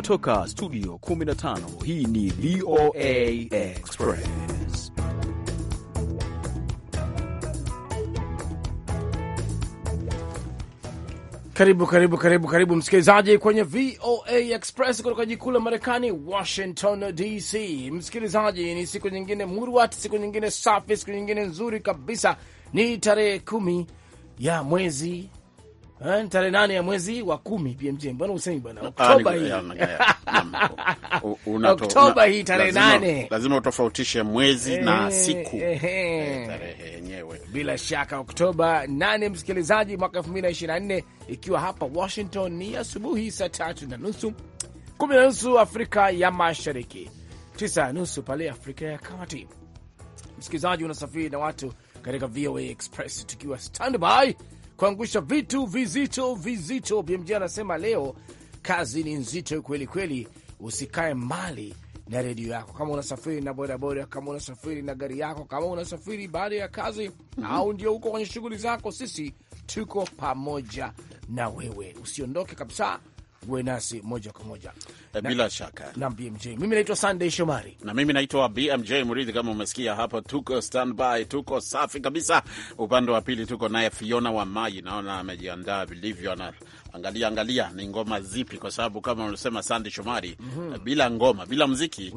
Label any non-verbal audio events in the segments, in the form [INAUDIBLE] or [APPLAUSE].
Kutoka studio 15 hii ni VOA Express. Karibu karibu karibu karibu msikilizaji kwenye VOA Express kutoka jikuu la Marekani, Washington DC. Msikilizaji, ni siku nyingine murwat, siku nyingine safi, siku nyingine nzuri kabisa. Ni tarehe kumi ya mwezi Eh, tarehe nane ya mwezi wa kumi BMJ, mbona usemi bwana, ah, [LAUGHS] Oktoba hii, Oktoba hii tarehe nane. Lazima utofautishe mwezi na eh, siku eh, tarehe yenyewe bila shaka, Oktoba nane, msikilizaji, mwaka elfu mbili na ishirini na nne ikiwa hapa Washington ni asubuhi saa tatu na nusu, kumi na nusu Afrika ya Mashariki, tisa na nusu pale Afrika ya Kati. Msikilizaji, unasafiri na watu katika VOA Express tukiwa standby kuangusha vitu vizito vizito. BMJ anasema leo kazi ni nzito kweli kweli, usikae mbali na redio yako, kama unasafiri na bodaboda, kama unasafiri na gari yako, kama unasafiri baada ya kazi mm -hmm. au ndio uko kwenye shughuli zako, sisi tuko pamoja na wewe, usiondoke kabisa uwe nasi moja kwa moja eh, bila na, shaka na BMJ. Mimi naitwa Sunday Shomari na mimi naitwa BMJ Murithi. Kama umesikia hapo, tuko standby, tuko safi kabisa. Upande wa pili tuko naye Fiona Wamai, naona amejiandaa vilivyo na angalia angalia ni ngoma zipi, kwa sababu kama unasema Sande Shomari, mm -hmm. bila ngoma, bila mziki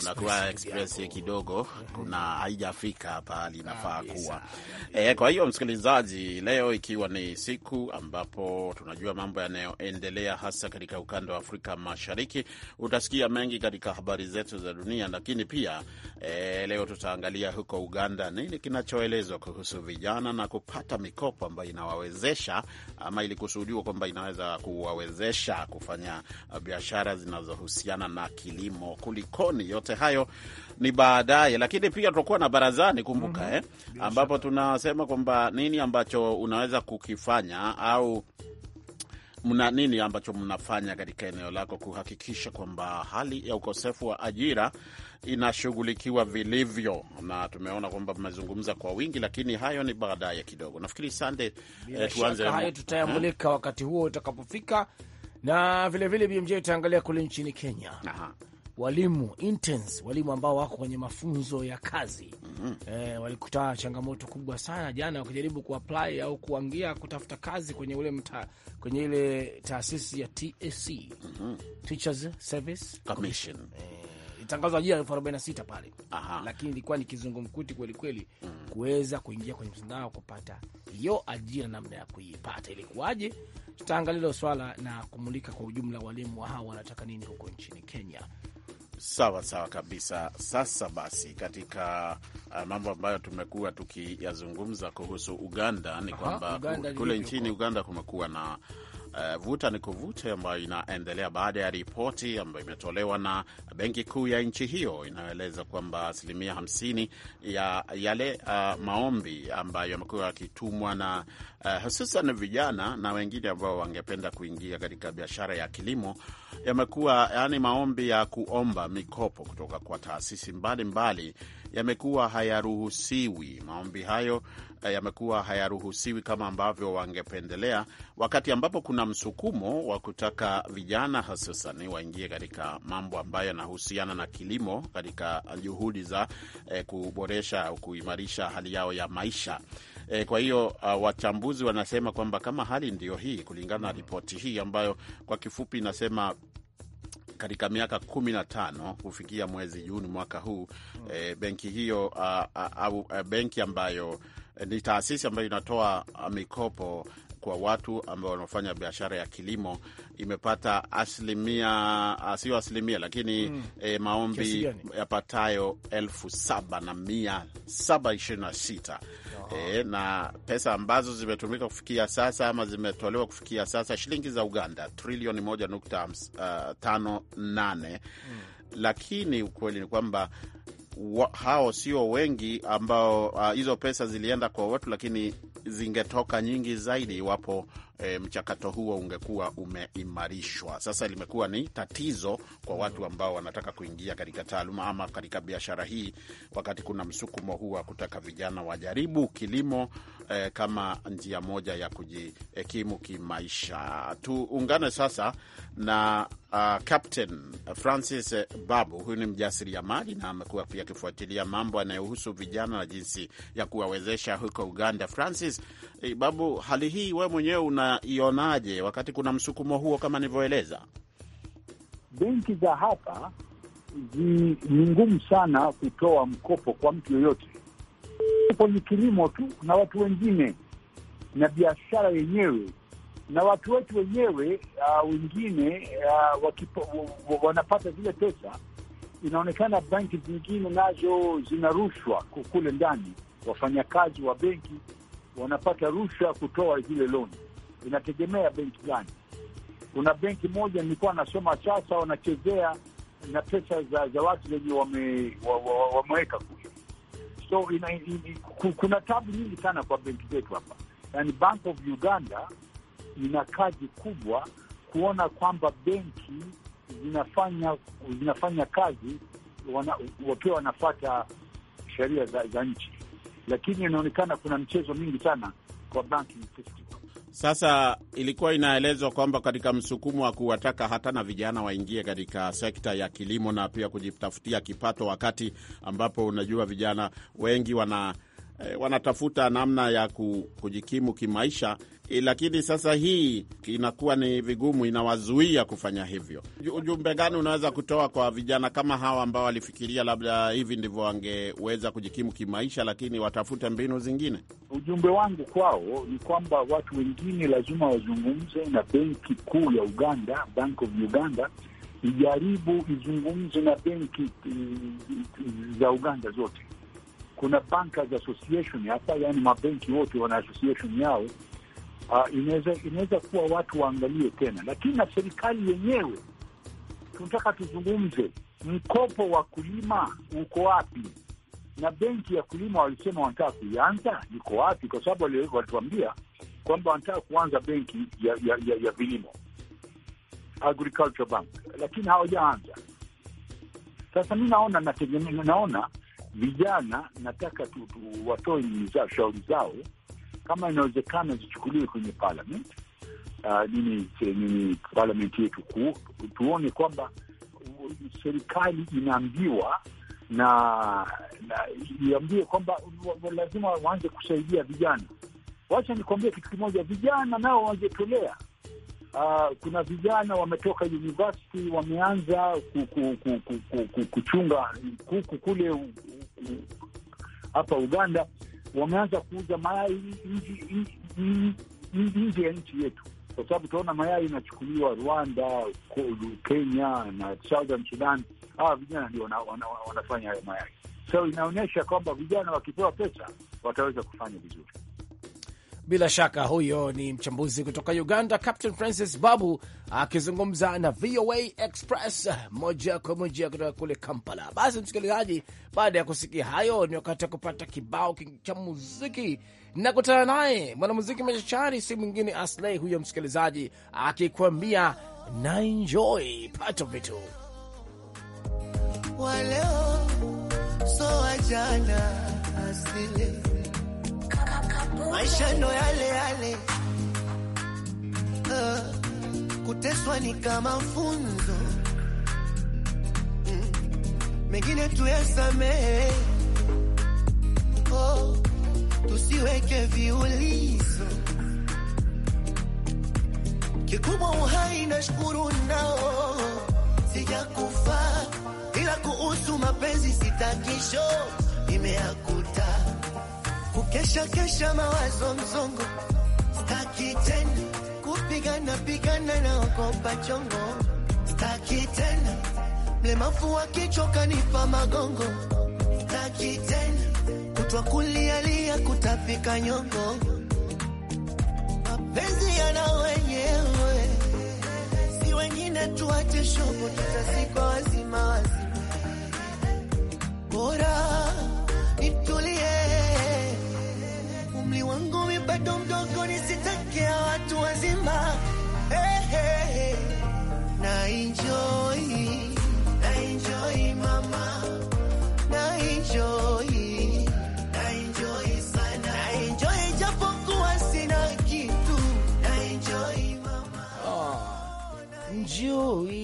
unakuwa express kidogo kuna haijafika pahali inafaa kuwa. E, kwa hiyo msikilizaji, leo ikiwa ni siku ambapo tunajua mambo yanayoendelea hasa katika ukanda wa Afrika Mashariki, utasikia mengi katika habari zetu za dunia, lakini pia e, leo tutaangalia huko Uganda nini kinachoelezwa kuhusu vijana na kupata mikopo ambayo inawawezesha ama ilikusudiwa kwamba kwamba inaweza kuwawezesha kufanya uh, biashara zinazohusiana na kilimo. Kulikoni? Yote hayo ni baadaye, lakini pia tutakuwa na barazani, kumbuka mm -hmm. eh, ambapo tunasema kwamba nini ambacho unaweza kukifanya au mna nini ambacho mnafanya katika eneo lako kuhakikisha kwamba hali ya ukosefu wa ajira inashughulikiwa vilivyo, na tumeona kwamba mmezungumza kwa wingi, lakini hayo ni baadaye kidogo. Nafikiri sande, eh, tuanze hayo, tutayamulika ha? wakati huo utakapofika, na vilevile BMJ utaangalia kule nchini Kenya. Aha. Walimu interns, walimu ambao wako kwenye mafunzo ya kazi mm -hmm. E, walikutana changamoto kubwa sana jana wakijaribu kuapply au kuangia kutafuta kazi kwenye ule mta, kwenye ile taasisi ya TSC e. mm -hmm. Teachers Service Commission, Commission. E, tangazo ajira elfu arobaini na sita pale, lakini ilikuwa ni kizungumkuti kwelikweli mm. kuweza kuingia kwenye mtandao kupata hiyo ajira, namna ya kuipata ilikuwaje? Tutaangalia hilo swala na kumulika kwa ujumla, walimu wa hawa wanataka nini huko nchini Kenya. Sawa sawa kabisa. Sasa basi, katika uh, mambo ambayo tumekuwa tukiyazungumza kuhusu Uganda ni kwamba kule nchini Uganda kumekuwa na Eh, vuta ni kuvute ambayo inaendelea baada ya ripoti ambayo imetolewa na benki kuu ya nchi hiyo inayoeleza kwamba asilimia 50 ya yale uh, maombi ambayo yamekuwa yakitumwa na uh, hususan vijana na wengine ambao wangependa kuingia katika biashara ya kilimo yamekuwa yani maombi ya kuomba mikopo kutoka kwa taasisi mbalimbali mbali, yamekuwa hayaruhusiwi. Maombi hayo eh, yamekuwa hayaruhusiwi kama ambavyo wangependelea, wakati ambapo kuna msukumo wa kutaka vijana hususan waingie katika mambo ambayo yanahusiana na kilimo katika juhudi za eh, kuboresha au kuimarisha hali yao ya maisha. Eh, kwa hiyo uh, wachambuzi wanasema kwamba kama hali ndio hii, kulingana na ripoti hii ambayo kwa kifupi inasema katika miaka kumi na tano kufikia mwezi Juni mwaka huu mm. E, benki hiyo ah, ah, au eh, benki ambayo eh, ni taasisi ambayo inatoa ah, mikopo kwa watu ambao wanaofanya biashara ya kilimo imepata asilimia ah, sio asilimia lakini mm, e, maombi yapatayo elfu saba na mia saba ishirini na sita e, na pesa ambazo zimetumika kufikia sasa ama zimetolewa kufikia sasa shilingi za Uganda trilioni moja nukta uh, tano nane mm. Lakini ukweli ni kwamba wa, hao sio wengi ambao ah, hizo uh, pesa zilienda kwa watu, lakini zingetoka nyingi zaidi iwapo E, mchakato huo ungekuwa umeimarishwa. Sasa limekuwa ni tatizo kwa watu ambao wanataka kuingia katika taaluma ama katika biashara hii, wakati kuna msukumo huu wa kutaka vijana wajaribu kilimo e, kama njia moja ya kujikimu kimaisha. Tuungane sasa na Uh, Captain Francis Babu huyu ni mjasiriamali na amekuwa pia akifuatilia mambo yanayohusu vijana na jinsi ya kuwawezesha huko Uganda. Francis eh, Babu, hali hii wewe mwenyewe unaionaje wakati kuna msukumo huo kama nilivyoeleza? Benki za hapa ni ngumu sana kutoa mkopo kwa mtu yoyote. kwenye ni kilimo tu na watu wengine na biashara yenyewe na watu wetu wenyewe uh, wengine uh, wanapata zile pesa, inaonekana benki zingine nazo zina rushwa kule ndani. Wafanyakazi wa benki wanapata rushwa kutoa zile loni, inategemea benki gani. Kuna benki moja nilikuwa nasoma sasa, wanachezea na pesa za, za watu wenye wameweka wa, wa, wa, wa kule. So ina, ina, kuna tabu nyingi sana kwa benki zetu hapa, yani Bank of Uganda ina kazi kubwa kuona kwamba benki zinafanya zinafanya kazi wana, wakiwa wanafata sheria za, za nchi, lakini inaonekana kuna mchezo mingi sana kwa banking system. Sasa ilikuwa inaelezwa kwamba katika msukumo wa kuwataka hata na vijana waingie katika sekta ya kilimo na pia kujitafutia kipato, wakati ambapo unajua vijana wengi wana Eh, wanatafuta namna ya kujikimu kimaisha eh, lakini sasa hii inakuwa ni vigumu, inawazuia kufanya hivyo. Ujumbe gani unaweza kutoa kwa vijana kama hawa ambao walifikiria labda hivi ndivyo wangeweza kujikimu kimaisha, lakini watafute mbinu zingine? Ujumbe wangu kwao ni kwamba watu wengine lazima wazungumze na benki kuu ya Uganda, Bank of Uganda ijaribu izungumze na benki eh, za Uganda zote kuna bankers association hapa, yani mabenki wote wana association yao. Uh, inaweza inaweza kuwa watu waangalie tena, lakini na serikali yenyewe tunataka tuzungumze, mkopo wa kulima uko wapi? Na benki ya kulima walisema wanataka kuianza, iko wapi? Kwa sababu walituambia kwamba wanataka kuanza benki ya ya, ya, ya vilimo agriculture bank, lakini hawajaanza. Sasa mi naona nategemea, naona vijana nataka tu, tu watoe nini shauri zao, kama inawezekana zichukuliwe kwenye parliament uh, nini nini yetu kuu, tuone kwamba serikali inaambiwa na, na iambie kwamba lazima waanze kusaidia vijana. Wacha nikuambia kitu kimoja, vijana nao wajetolea Uh, kuna vijana wametoka university wameanza kuchunga kuku kule hapa Uganda wameanza kuuza mayai nje ya nchi yetu, kwa sababu tunaona mayai inachukuliwa Rwanda, Kenya na Southern Sudan. Hawa vijana ndio wanafanya hayo mayai, so inaonyesha kwamba vijana wakipewa pesa wataweza kufanya vizuri. Bila shaka huyo ni mchambuzi kutoka Uganda, Captain Francis Babu akizungumza na VOA Express moja kwa moja kutoka kule Kampala. Basi msikilizaji, baada ya kusikia hayo, ni wakati wa kupata kibao cha muziki na kutana naye mwanamuziki machachari, si mwingine Aslei huyo msikilizaji, akikuambia na enjoy pato vitu waleo so wajana asile maisha ndo yale yale, uh, kuteswa ni kama funzo, mm, mengine tuyasamehe, oh, tusiweke viulizo kikubwa uhai na shukuru nao, sijakufa ila kuhusu mapenzi sitakisho imeakuta kesha kesha, mawazo mzongo staki tena kupigana pigana na wakopa chongo, staki tena mlemavu wakichoka nipa magongo, staki tena kutwa kulialia kutafika nyongo, mapenzi yana wenyewe, si wengine tuache shogo, tutasikwa wazima wazima bora mama hey, eh, eh, hey, eh. hey. Na enjoy, na enjoy mama, na enjoy, na enjoy sana, na enjoy japo kuwa sina kitu, na enjoy mama, oh, enjoy,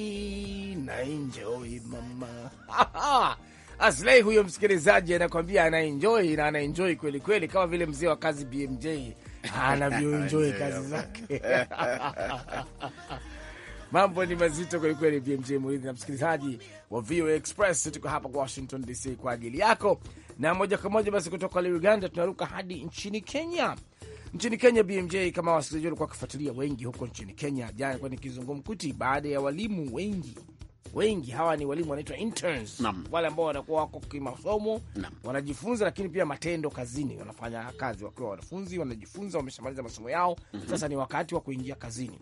na enjoy mama [LAUGHS] Aslei huyo msikilizaji anakwambia anaenjoi na anaenjoy kweli kweli, kama vile mzee wa kazi BMJ Ah, anavyoenjoy kazi zake [LAUGHS] Mambo ni mazito kwelikweli, BMJ Muridhi na msikilizaji wa VOA Express. Tuko hapa Washington DC kwa ajili yako, na moja kwa moja basi kutoka le Uganda tunaruka hadi nchini Kenya. Nchini Kenya, BMJ, kama wasikilizaji walikuwa wakifuatilia wengi huko nchini Kenya, jana kwa ni kizungumkuti baada ya walimu wengi wengi hawa ni walimu wanaitwa interns, wale ambao wanakuwa wako kimasomo wanajifunza, lakini pia matendo kazini, wanafanya kazi wakiwa wanafunzi, wanajifunza, wameshamaliza masomo yao mm -hmm. Sasa ni wakati wa kuingia kazini.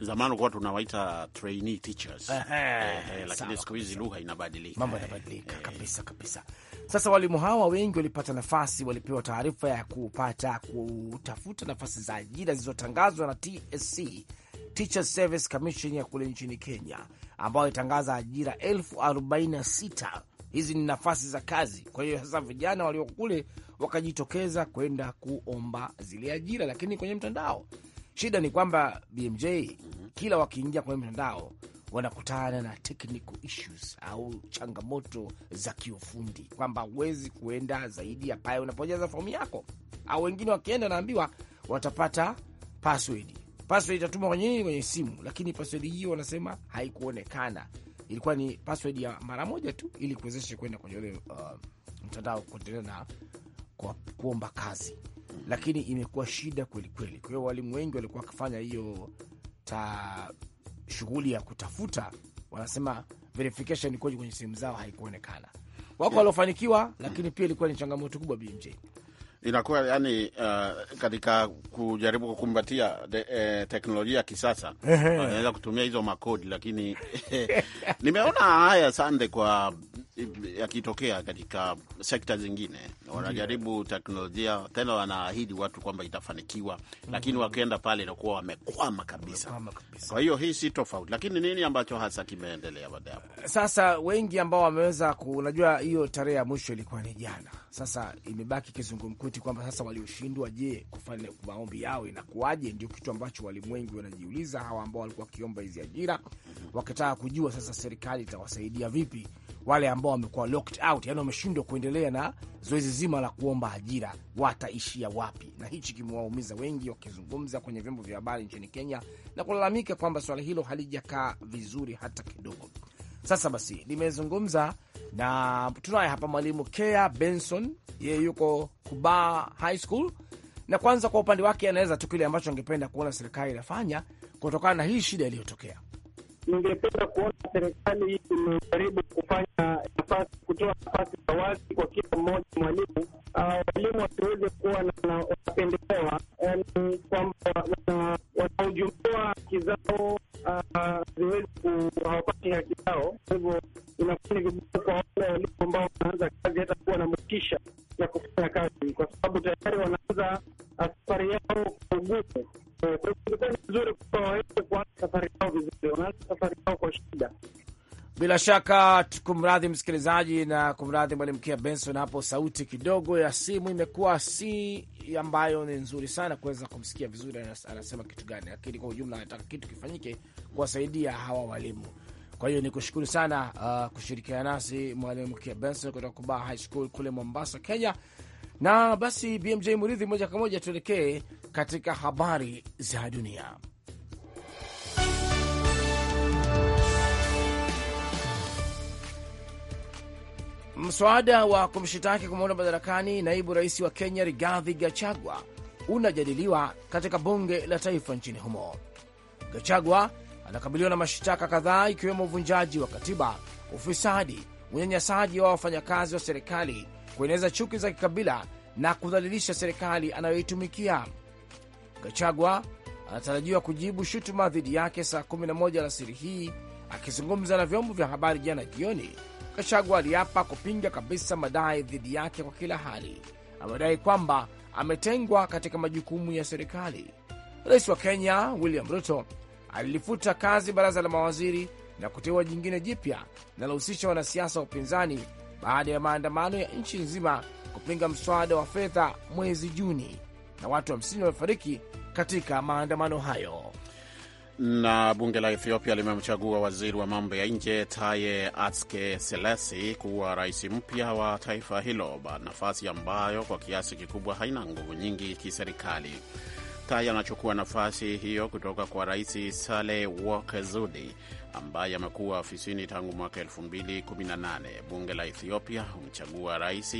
Zamani kuwa tunawaita trainee teachers eh, lakini siku hizi lugha inabadilika, mambo yanabadilika kabisa kabisa. Sasa walimu hawa wengi walipata nafasi, walipewa taarifa ya kupata kutafuta nafasi za ajira zilizotangazwa na TSC, Service Commission ya kule nchini Kenya ambayo itangaza ajira elfu arobaini na sita. Hizi ni nafasi za kazi. Kwa hiyo sasa vijana walioko kule wakajitokeza kwenda kuomba zile ajira, lakini kwenye mtandao. Shida ni kwamba BMJ kila wakiingia kwenye mtandao wanakutana na technical issues au changamoto za kiufundi, kwamba huwezi kuenda zaidi ya pale unapojaza fomu yako, au wengine wakienda, wanaambiwa watapata password password itatuma wenyewe kwenye simu, lakini password hiyo wanasema haikuonekana. Ilikuwa ni password ya mara moja tu, ili kuwezesha kwenda kwenye ule uh, mtandao kuendelea na kuomba kazi, lakini imekuwa shida kweli kweli. Kwa hiyo walimu wengi walikuwa wakifanya hiyo ta shughuli ya kutafuta, wanasema verification ikoje kwenye simu zao haikuonekana. Wako waliofanikiwa, lakini pia ilikuwa ni changamoto kubwa BMJ inakuwa yani, uh, katika kujaribu kukumbatia eh, teknolojia ya kisasa anaweza kutumia hizo makodi, lakini [LAUGHS] nimeona haya sande kwa yakitokea katika sekta zingine, wanajaribu teknolojia tena, wanaahidi watu kwamba itafanikiwa, mm-hmm. lakini wakienda pale inakuwa wamekwama kabisa. Kwa hiyo hii si tofauti, lakini nini ambacho hasa kimeendelea baada hapo? Sasa wengi ambao wameweza kunajua, hiyo tarehe ya mwisho ilikuwa ni jana. Sasa imebaki kizungumkuti kwamba sasa walioshindwa, je, kufanya maombi yao inakuwaje? Ndio kitu ambacho walimu wengi wanajiuliza, hawa ambao walikuwa wakiomba hizi ajira, mm-hmm. wakitaka kujua sasa serikali itawasaidia vipi wale ambao wamekuwa locked out, yani wameshindwa kuendelea na zoezi zima la kuomba ajira, wataishia wapi? Na hichi kimewaumiza wengi, wakizungumza kwenye vyombo vya habari nchini Kenya na kulalamika kwamba swala hilo halijakaa vizuri hata kidogo. Sasa basi, nimezungumza na tunaye hapa Mwalimu Kea Benson, yeye yuko Kuba High School, na kwanza kwa upande wake anaweza tu kile ambacho angependa kuona serikali inafanya kutokana na hii shida iliyotokea ningependa kuona serikali imejaribu kufanya nafasi, kutoa nafasi za wazi kwa kila mmoja mwalimu. Ah, walimu wasiweze kuwa na upendeleo shaka kumradhi msikilizaji na kumradhi mwalimu Kia Benson, hapo sauti kidogo ya simu imekuwa si ambayo ni nzuri sana kuweza kumsikia vizuri anasema kitu gani, lakini kwa ujumla anataka kitu kifanyike kuwasaidia hawa walimu. Kwa hiyo ni kushukuru sana uh, kushirikiana nasi mwalimu Kia Benson kutoka Kubaa High School kule Mombasa, Kenya. Na basi BMJ Muridhi, moja kwa moja tuelekee katika habari za dunia. Mswada wa kumshitaki kumwondoa madarakani naibu rais wa Kenya Rigathi Gachagua unajadiliwa katika bunge la taifa nchini humo. Gachagua anakabiliwa na mashtaka kadhaa ikiwemo uvunjaji wa katiba, ufisadi, unyanyasaji wa wafanyakazi wa serikali, kueneza chuki za kikabila na kudhalilisha serikali anayoitumikia. Gachagua anatarajiwa kujibu shutuma dhidi yake saa 11 alasiri hii. Akizungumza na vyombo vya habari jana jioni, Kashagwa aliapa kupinga kabisa madai dhidi yake kwa kila hali. Amedai kwamba ametengwa katika majukumu ya serikali. Rais wa Kenya William Ruto alilifuta kazi baraza la mawaziri na kuteua jingine jipya linalohusisha wanasiasa wa upinzani baada ya maandamano ya nchi nzima kupinga mswada wa fedha mwezi Juni, na watu 50 wamefariki katika maandamano hayo. Na bunge la Ethiopia limemchagua waziri wa mambo ya nje Taye Atske Selesi kuwa rais mpya wa taifa hilo, nafasi ambayo kwa kiasi kikubwa haina nguvu nyingi kiserikali. Kikwete anachukua nafasi hiyo kutoka kwa Rais Saleh Work ambaye amekuwa ofisini tangu mwaka 2018. Bunge la Ethiopia humchagua rais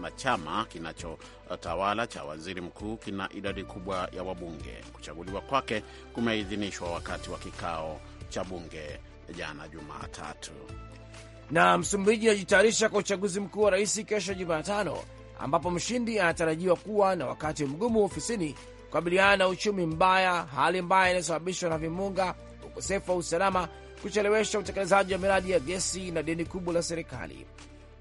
wa chama kinachotawala cha waziri mkuu kina idadi kubwa ya wabunge. Kuchaguliwa kwake kumeidhinishwa wakati wa kikao cha bunge jana Jumatatu. Na Msumbiji anajitayarisha kwa uchaguzi mkuu wa rais kesho Jumatano, ambapo mshindi anatarajiwa kuwa na wakati mgumu ofisini kukabiliana na uchumi mbaya, hali mbaya inayosababishwa na vimbunga, ukosefu wa usalama, kuchelewesha utekelezaji wa miradi ya gesi na deni kubwa la serikali.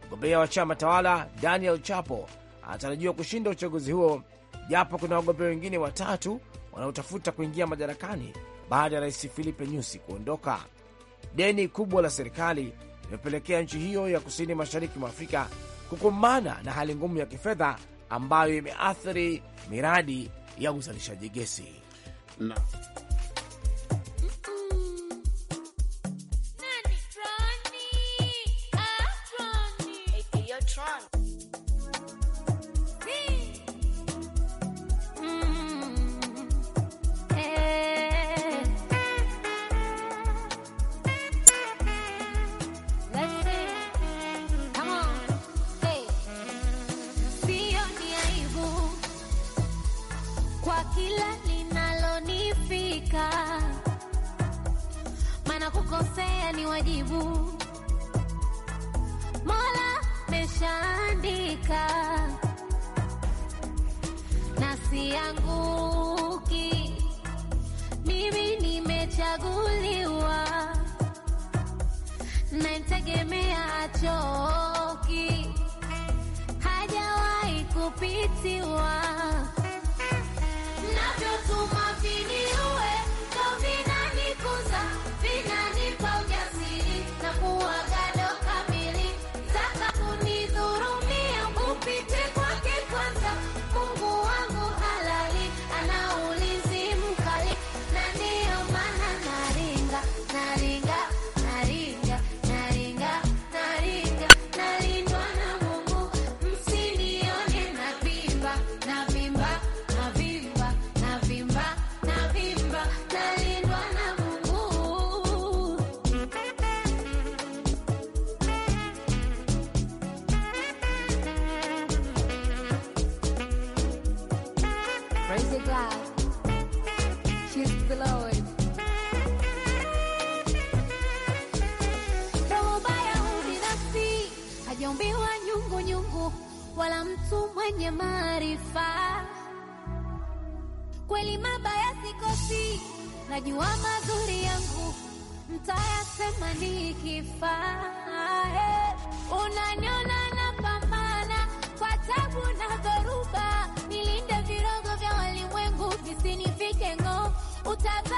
Mgombea wa chama tawala Daniel Chapo anatarajiwa kushinda uchaguzi huo, japo kuna wagombea wengine watatu wanaotafuta kuingia madarakani baada ya rais Filipe Nyusi kuondoka. Deni kubwa la serikali limepelekea nchi hiyo ya kusini mashariki mwa Afrika kukumbana na hali ngumu ya kifedha ambayo imeathiri miradi ya uzalishaji gesi na kuandika na sianguki, mimi nimechaguliwa na choki, hajawahi kupitiwa navyotuma viniwe Praise the wala mtu mwenye maarifa. Kweli mabaya sikosi, najua mazuri yangu mtayasema nikifa. Hey, unaniona utadha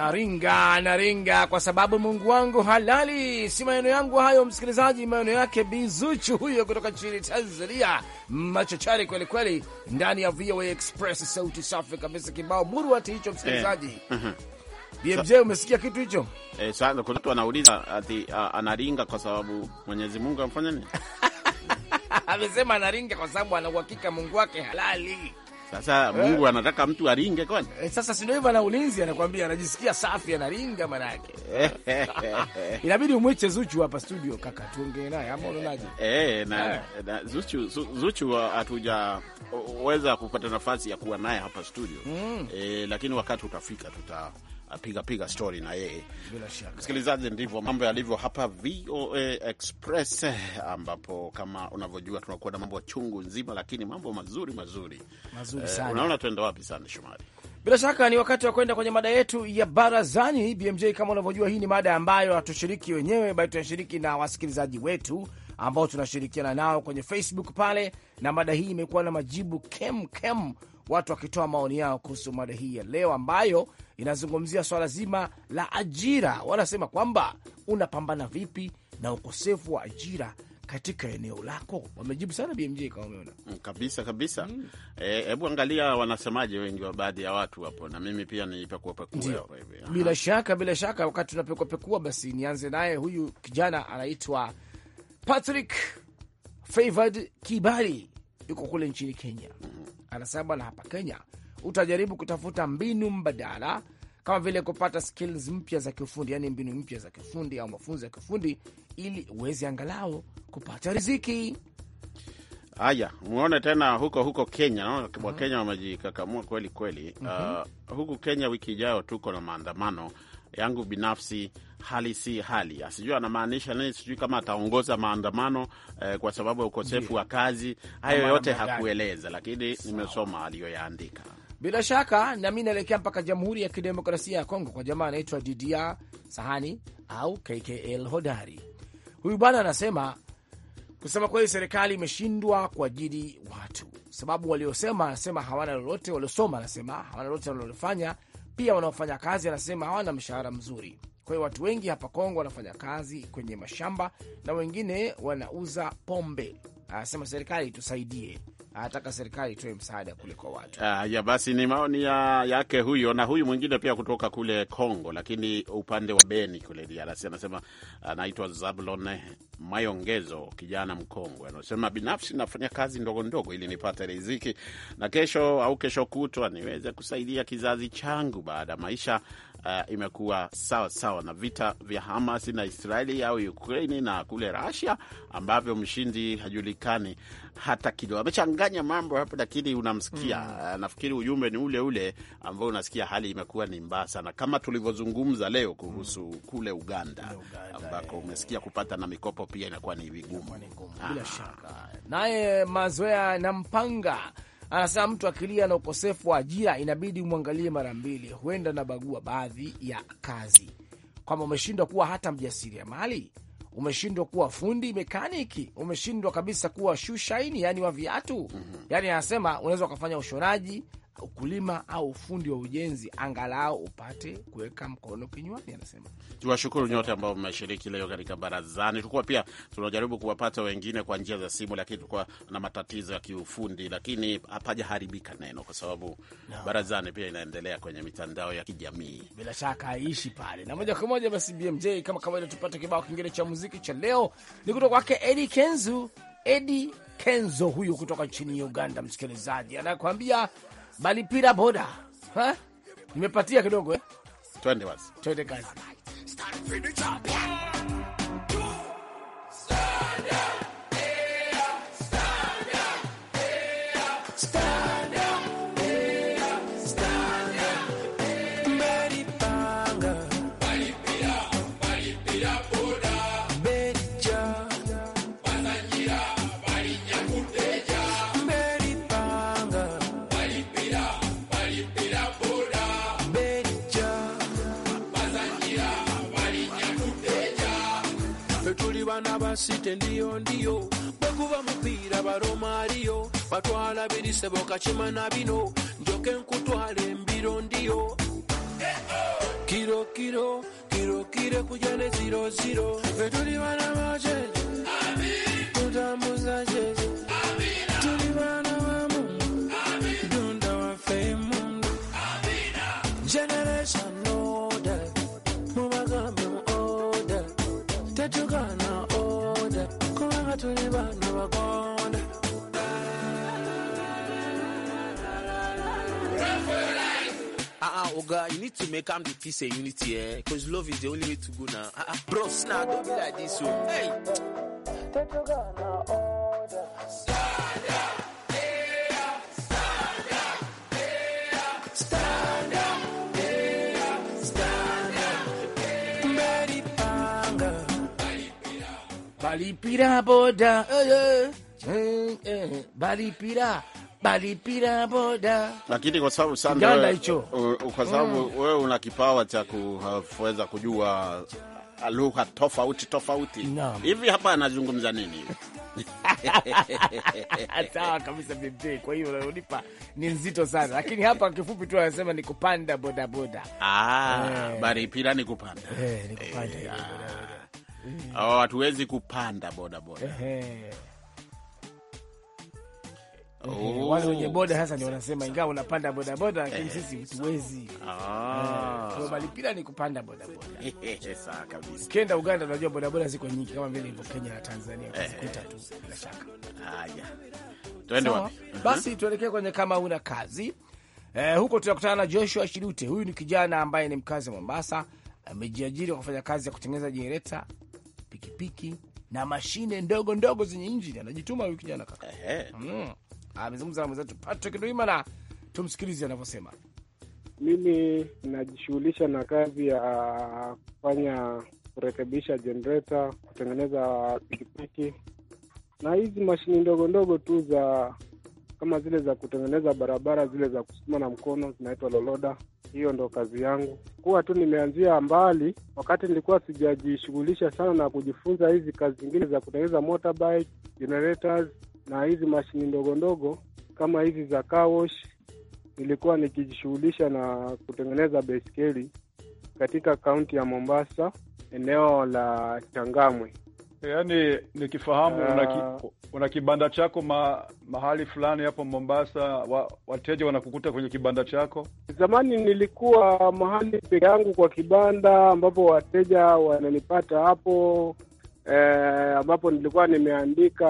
naringa naringa kwa sababu Mungu wangu halali. Si maneno yangu hayo, msikilizaji, maneno yake Bizuchu huyo kutoka nchini Tanzania, machachari kwelikweli, ndani ya VOA Express, sauti safi kabisa, kibao buruati hicho, msikilizaji eh. Mhm. BMJ umesikia kitu hicho eh? Sasa kuna mtu anauliza ati anaringa kwa sababu Mwenyezi Mungu amfanya nini? [LAUGHS] Amesema anaringa kwa sababu anauhakika Mungu wake halali sasa Mungu anataka mtu aringe kwani? E, sasa si ndio hivyo, na ulinzi anakuambia anajisikia safi anaringa manake. [LAUGHS] Inabidi umwiche Zuchu hapa studio kaka tuongee naye ama unaonaje? Eh, na, eh. na Zuchu Zuchu uh, hatujaweza uh, kupata nafasi ya kuwa naye hapa studio. Mm. E, lakini wakati utafika tuta piga piga stori na yeye. msikilizaji, ndivyo mambo yalivyo hapa VOA Express, ambapo kama unavyojua tunakuwa na mambo ya chungu nzima, lakini mambo mazuri mazuri mazuri eh, sana. Eh, unaona tuenda wapi sana, Shomari? Bila shaka ni wakati wa kwenda kwenye mada yetu ya barazani. BMJ, kama unavyojua, hii ni mada ambayo hatushiriki wenyewe, bali tunashiriki na wasikilizaji wetu ambao tunashirikiana nao kwenye Facebook pale, na mada hii imekuwa na majibu kem kem watu wakitoa maoni yao kuhusu mada hii ya leo ambayo inazungumzia swala zima la ajira. Wanasema kwamba unapambana vipi na ukosefu wa ajira katika eneo lako. Wamejibu sana BMJ, kama umeona mm, kabisa kabisa. Mm. Eh, hebu mm. E, angalia wanasemaje wengi wa baadhi ya watu hapo, na mimi pia nipekuapekua. Bila shaka, bila shaka, wakati tunapekuapekua, basi nianze naye huyu kijana anaitwa Patrick Favored Kibali, yuko kule nchini Kenya. mm -hmm anasema na hapa Kenya utajaribu kutafuta mbinu mbadala kama vile kupata skills mpya za kiufundi, yani mbinu mpya za kiufundi au mafunzo ya kiufundi, ili uweze angalau kupata riziki. Haya, mwone tena huko huko Kenya no? Mhm. Wakenya wamejikakamua kweli kweli. Mhm. Uh, huku Kenya wiki ijayo tuko na maandamano yangu binafsi hali si hali. Ah, sijui anamaanisha nini, sijui kama ataongoza maandamano eh, kwa sababu ya ukosefu wa kazi. Hayo yote hakueleza, lakini nimesoma aliyoyaandika. Bila shaka Na mi naelekea mpaka Jamhuri ya Kidemokrasia ya Kongo kwa jamaa anaitwa Didia Sahani au KKL Hodari. Huyu bwana anasema kusema kweli, serikali imeshindwa kuajiri watu, sababu waliosema, anasema hawana lolote, waliosoma, anasema hawana lolote wanalofanya pia wanaofanya kazi anasema hawana mshahara mzuri. Kwa hiyo watu wengi hapa Kongo wanafanya kazi kwenye mashamba na wengine wanauza pombe. Anasema serikali itusaidie anataka serikali itoe msaada kule kwa watu. Uh, ya basi ni maoni ya, yake huyo na huyu mwingine pia kutoka kule Congo, lakini upande wa Beni kule DRC anasema anaitwa uh, Zablon Mayongezo, kijana mkongwe, anasema binafsi nafanya kazi ndogo ndogo ili nipate riziki na kesho au kesho kutwa niweze kusaidia kizazi changu baada ya maisha uh, imekuwa sawa sawa na vita vya Hamas na Israeli au Ukraini na kule Russia ambavyo mshindi hajulikani hata kidogo. Amechanganya mambo hapo, lakini unamsikia mm. Ah, nafikiri ujumbe ni ule ule ambao unasikia, hali imekuwa ni mbaya sana, kama tulivyozungumza leo kuhusu mm. kule Uganda, Uganda ambako eh, umesikia kupata na mikopo pia inakuwa ni vigumu. Ah. Bila shaka naye mazoea na mpanga anasema mtu akilia na ukosefu wa ajira inabidi umwangalie mara mbili, huenda nabagua baadhi ya kazi kwamba umeshindwa kuwa hata mjasiriamali umeshindwa kuwa fundi mekaniki, umeshindwa kabisa kuwa shushaini yani wa viatu mm -hmm. Yani anasema unaweza ukafanya ushonaji ukulima au ufundi wa ujenzi, angalau upate kuweka mkono kinywani, anasema. Tuwashukuru nyote ambao mmeshiriki leo katika barazani. Tulikuwa pia tunajaribu kuwapata wengine kwa njia za simu, lakini tulikuwa na matatizo ya kiufundi, lakini hapajaharibika neno, kwa sababu no. barazani pia inaendelea kwenye mitandao ya kijamii, bila shaka aishi pale. Na moja kwa moja basi, BMJ kama kawaida, tupate kibao kingine cha muziki cha leo, ni kutoka kwake edi Kenzo. Edi Kenzo huyu kutoka nchini Uganda, msikilizaji anakuambia bali pira boda Nimepatia kidogo eh? Twende basi, twende kazi. Start site ndiyo ndiyo bwe bino njoke nkutwala embiro ndiyo kiro kiro kuja ne ziro ziro fe tuli bana ba jeje tutambuza jeje tuli bana ba mungu dunda generation tuli bano bagonda ah, Uh-uh, ah, Oga, oh you need to make am the peace and unity, eh? Because love is the only way to go now. Uh-uh, bros, now nah, don't be like this, oh. Hey! Take your gun now, oh. balipira boda eh, eh, eh, balipira balipira boda. Lakini kwa sababu sana kwa sababu mm. wewe una kipawa cha kuweza kujua lugha tofauti tofauti hivi, hapa anazungumza nini? [LAUGHS] Sawa kabisa BMJ. Kwa hiyo unanipa ni nzito sana, lakini hapa kifupi tu anasema ni kupanda bodaboda. Ah, pira ni kupanda, eh, ni kupanda ah hatuwezi kupanda boda bodaboda. Oh. Wale wenye boda sasa ndio wanasema, ingawa unapanda boda boda lakini sisi hatuwezi. Ah. Eh, bali malipira ni kupanda boda boda. Sawa kabisa. Ukienda Uganda unajua boda boda ziko nyingi kama vile ilivyo Kenya na Tanzania utazikuta eh, tu bila shaka. Haya. Tuende wapi? Mhm. Basi tuelekee kwenye kama una kazi. Eh, huko tutakutana na Joshua Shirute. Huyu ni kijana ambaye ni mkazi wa Mombasa, amejiajiri kwa kufanya kazi ya kutengeneza jenereta pikipiki na mashine ndogo ndogo zenye injini. Anajituma huyu kijana kaka. Mm. Amezungumza na mwenzetu Patrick Ndwimana, tumsikilize anavyosema. Mimi najishughulisha na kazi ya ah, kufanya kurekebisha jenereta, kutengeneza pikipiki na hizi mashini ndogo ndogo tu za kama zile za kutengeneza barabara, zile za kusukuma na mkono zinaitwa loloda. Hiyo ndo kazi yangu, kuwa tu nimeanzia mbali, wakati nilikuwa sijajishughulisha sana na kujifunza hizi kazi zingine za kutengeneza motorbike, generators na hizi mashini ndogo ndogo kama hizi za kawosh. Nilikuwa nikijishughulisha na kutengeneza baiskeli katika kaunti ya Mombasa, eneo la Changamwe. Yaani nikifahamu uh, una, ki, ah. una kibanda chako ma, mahali fulani hapo Mombasa, wa, wateja wanakukuta kwenye kibanda chako? Zamani nilikuwa mahali peke yangu kwa kibanda ambapo wateja wananipata hapo eh, ambapo nilikuwa nimeandika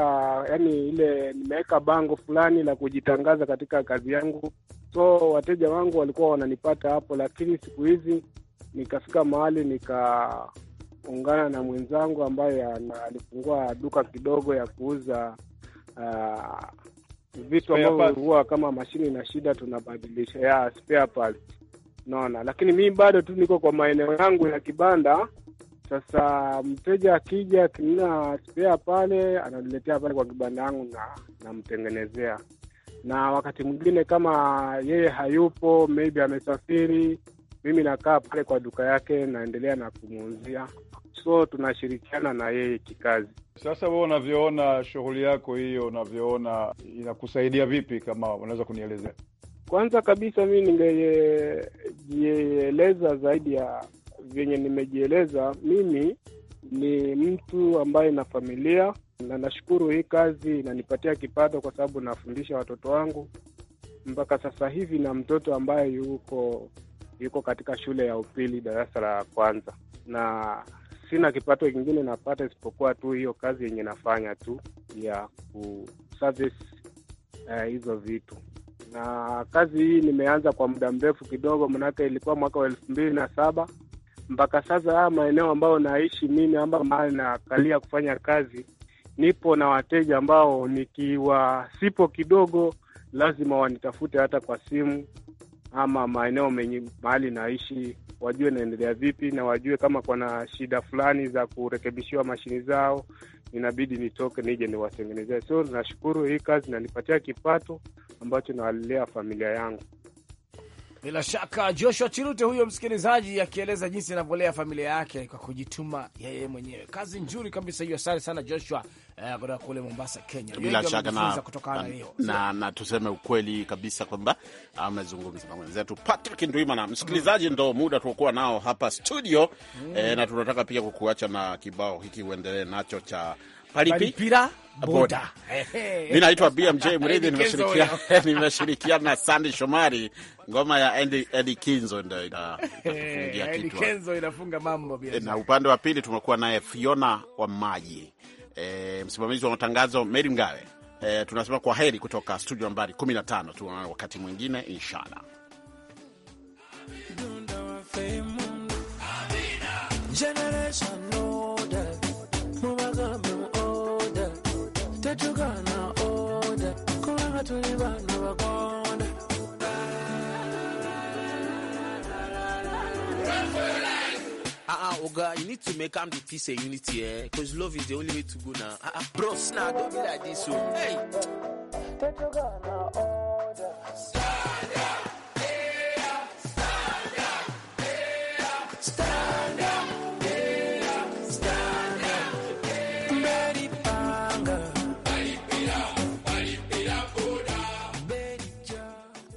yani ile nimeweka bango fulani la kujitangaza katika kazi yangu, so wateja wangu walikuwa wananipata hapo, lakini siku hizi nikafika mahali nika ungana na mwenzangu ambaye alifungua duka kidogo ya kuuza uh, vitu ambavyo huwa kama mashine ina shida tunabadilisha ya spare parts, Lakini mi bado tu niko kwa maeneo yangu ya kibanda. Sasa mteja akija akinunua spare pale, ananiletea pale kwa kibanda yangu na namtengenezea, na wakati mwingine kama yeye hayupo, maybe amesafiri mimi nakaa pale kwa duka yake, naendelea na kumuuzia, so tunashirikiana na yeye kikazi. Sasa wewe unavyoona shughuli yako hiyo, unavyoona inakusaidia vipi? Kama unaweza kunielezea. Kwanza kabisa, mi ningejieleza zaidi ya vyenye nimejieleza. Mimi ni mtu ambaye na familia na nashukuru hii kazi inanipatia kipato, kwa sababu nafundisha watoto wangu mpaka sasa hivi na mtoto ambaye yuko yuko katika shule ya upili darasa la kwanza, na sina kipato kingine napata isipokuwa tu hiyo kazi yenye nafanya tu ya ku eh, hizo vitu na kazi hii nimeanza kwa muda mrefu kidogo, manake ilikuwa mwaka wa elfu mbili na saba mpaka sasa. Haya maeneo ambayo naishi mimi, amba mahali nakalia kufanya kazi, nipo na wateja ambao nikiwasipo kidogo lazima wanitafute hata kwa simu ama maeneo mahali naishi, wajue naendelea vipi, na wajue kama kuna shida fulani za kurekebishiwa mashini zao, inabidi nitoke nije niwatengenezee. So nashukuru hii kazi nanipatia kipato ambacho nawalilea familia yangu. Bila shaka Joshua Chirute huyo msikilizaji akieleza jinsi anavyolea familia yake kwa kujituma yeye mwenyewe. Kazi nzuri kabisa hiyo, asante sana Joshua eh, kutoka kule Mombasa, Kenya. Bila shaka na, na, na, na tuseme ukweli kabisa kwamba ah, amezungumza na mwenzetu Patrick Ndwimana. Msikilizaji, mm. ndo muda tuokuwa nao hapa studio mm. Eh, na tunataka pia kukuacha na kibao hiki uendelee nacho cha palipira boda. Mimi naitwa BMJ [LAUGHS] Mridhi, [LAUGHS] nimeshirikiana nimeshirikiana na Sandy Shomari. Ngoma ya Andy, Andy Kenzo ndio inafungia kitu. inafunga mambo Na upande wa pili tumekuwa naye Fiona wa Maji. E, msimamizi wa matangazo Mary Mgawe. E, tunasema kwa heri kutoka studio nambari 15 tuonane wakati mwingine inshallah. oga you need to make am the peace and unity eh because love is the only way to go now ah ah bros now nah, don't be like this o. Oh.